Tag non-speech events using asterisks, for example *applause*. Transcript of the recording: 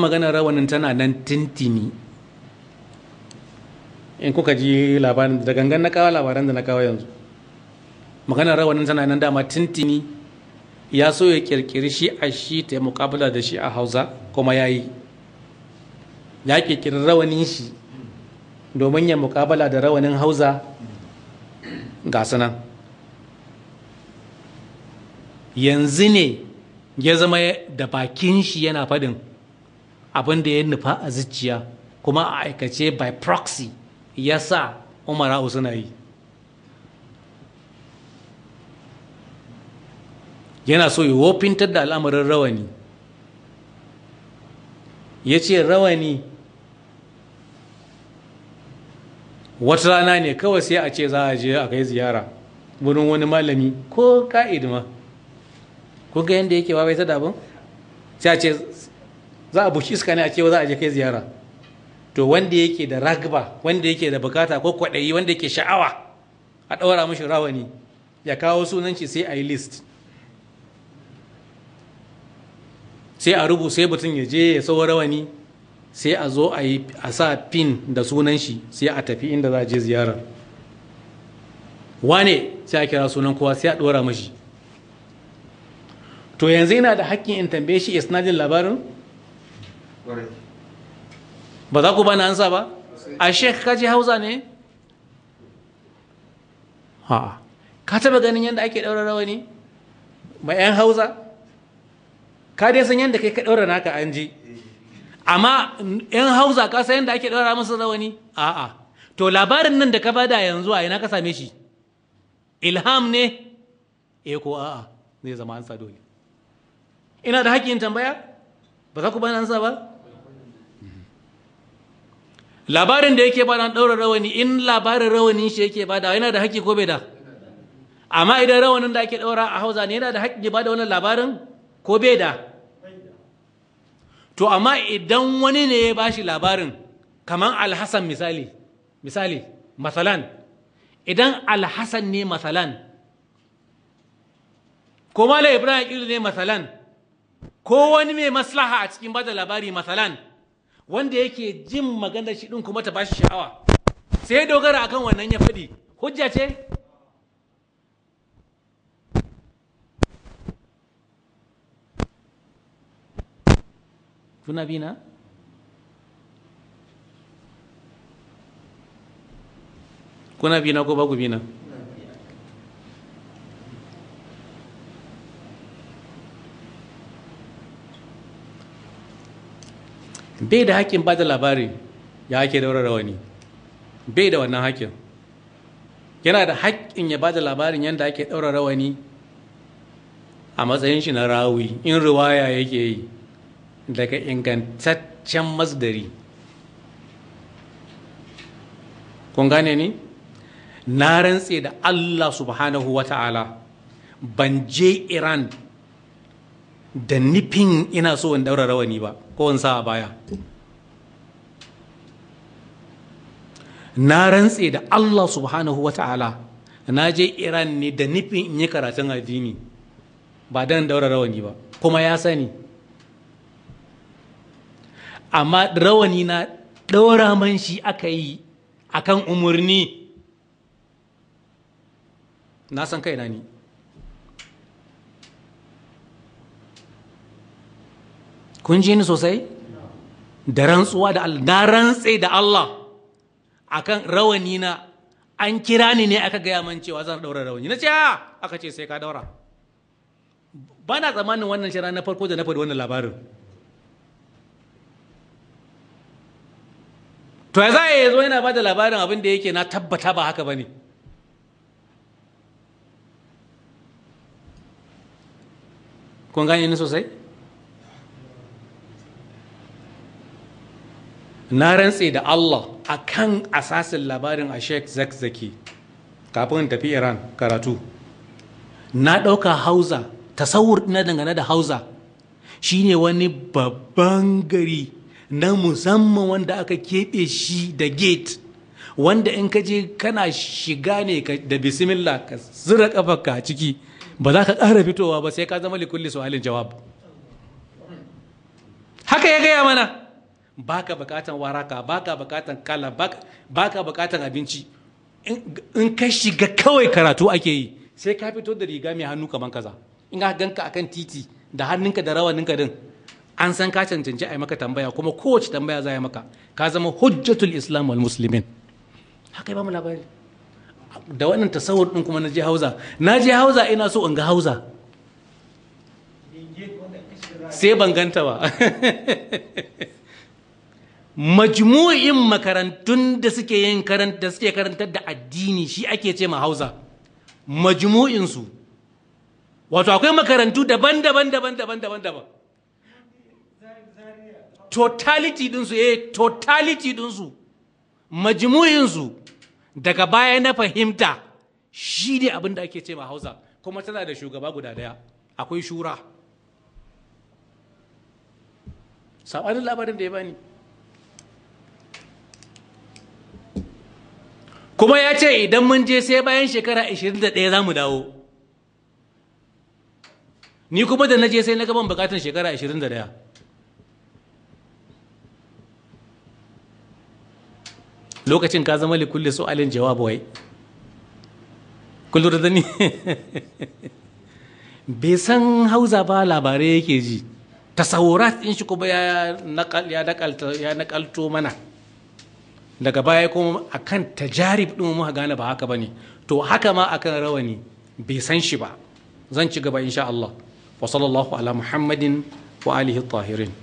magana rawanin tana nan tintini in kuka ji labarin da gangan na kawo labaran da na kawo yanzu magana rawanin tana nan dama tintini ya so ya kirkiri shi a shi ta mukabala da shi a hausa kuma ya yi ya kirkiri rawanin shi domin ya mukabala da rawanin hausa ga sanan yanzu ne ya zama da bakin shi yana fadin abin da ya nufa a zuciya kuma a aikace by proxy ya sa umara'u suna yi yana so ya wofintar da al'amarin rawani ya ce rawani wata rana ne kawai sai a ce za a je a kai ziyara wurin wani malami ko ka'id ma kuka yadda yake wawaita da abin sai a ce za a bushi iska ne a cewa za a je kai ziyara to wanda yake da ragba wanda yake da bukata ko kwaɗayi wanda yake sha'awa a ɗaura mashi rawani ya kawo sunan shi sai a yi list sai a rubu sai mutum ya je ya sauwa rawani sai a zo a sa pin da sunan shi sai a tafi inda za a je ziyara wane sai a kira sunan kowa sai a ɗora mashi to yanzu yana da hakkin in tambaye shi isnadin labarin ba za ku bani ansa ba a sheikh kaji hausa ne ha ka taba ganin yadda ake ɗaura rawa ne ba 'yan hausa ka dai san yadda kai ka ɗaura naka an ji amma 'yan hausa ka san yadda ake ɗaura musu a a'a to labarin nan da ka bada yanzu a ina ka same shi ilham ne e ko a'a zai zama ansa dole ina da haƙƙin tambaya ba za ku bani ansa ba labarin da yake bada ɗaura rawani in labarin rawani shi yake bada yana da haƙƙi ko bai da amma idan rawanin da ake ɗaura a hausa ne yana da haƙƙi bada wannan labarin ko bai da to amma idan wani ne ya bashi labarin kamar alhassan misali misali masalan idan alhassan ne masalan ko mala ibrahim ne masalan ko wani mai maslaha a cikin bada labari masalan wanda yake jin maganar shi din kuma ta bashi sha'awa sai ya dogara akan wannan ya faɗi hujja ce tuna bina kuna bina ko ba ku bina bai da haƙƙin ba da labari ya ake daura rawani bai da wannan haƙƙin yana da haƙƙin ya ba da labarin yadda ake daura rawani a matsayin shi na rawi in riwaya yake yi daga ingantaccen masdari kun gane ni na rantse da allah subhanahu wa ta'ala ban je iran da nufin ina so in daura rawani ba ko in sa baya na rantse da Allah subhanahu wa ta'ala na je Iran ne da nufin in yi karatun addini ba dan daura rawani ba kuma ya sani amma rawani na daura man shi aka yi akan umarni na san kaina ni. kun ji ni sosai da rantsuwa da Allah na rantse da Allah akan rawani na an kira ni ne aka gaya man cewa zan daura rawani na ce a ah! aka ce sai ka daura ba na tsammanin wannan shara na farko da na faɗi wannan labarin to ya za yi zo yana ba da labarin abin da yake na tabbata ba haka ba ne kun gane ni sosai na rantse da Allah a kan asasin labarin a Sheikh Zakzaki kafin in tafi Iran karatu na ɗauka Hausa tasawur na dangane da Hausa shine wani babban gari na musamman wanda aka keɓe shi da gate wanda in ka je kana shiga ne da bismillah ka zura kafarka a ciki ba za ka ƙara fitowa ba sai ka zama likulli su su'alin jawab haka ya gaya mana baka bukatan waraka baka bukatan kala baka bukatan abinci in ka shiga kawai karatu ake yi sai ka fito da riga mai hannu kamar kaza in ka ganka akan titi da hannunka da rawaninka din an san ka cancanci a yi maka tambaya kuma kowace tambaya za a yi maka ka zama hujjatul islam wal muslimin haka ba mu labari da wannan tasawur din kuma na je hauza na je hauza ina so in ga hauza sai ban ganta ba *laughs* majmu'in makarantun da suke yin karanta suke karantar da addini shi ake ce ma hausa majmu'in su wato akwai makarantu daban-daban daban-daban daban-daban totality din su eh totality din su majmu'in su daga baya na fahimta shi ne abin da ake ce ma hausa kuma tana da shugaba guda daya akwai shura sabanin labarin da ya bani kuma ya ce idan mun je sai bayan shekara 21 za mu dawo ni kuma da na je sai na gaban bukatun shekara 21 lokacin ka zama likulli su'alin jawabu wai kullum da ni *laughs* bai san hausa ba labarai yake ji tasawurat in shi kuma ya nakalto mana daga baya kuma akan tajarib din muka gane ba haka bane to haka ma akan rawani bai san shi ba zan ci gaba insha Allah wa sallallahu ala muhammadin wa alihi tahirin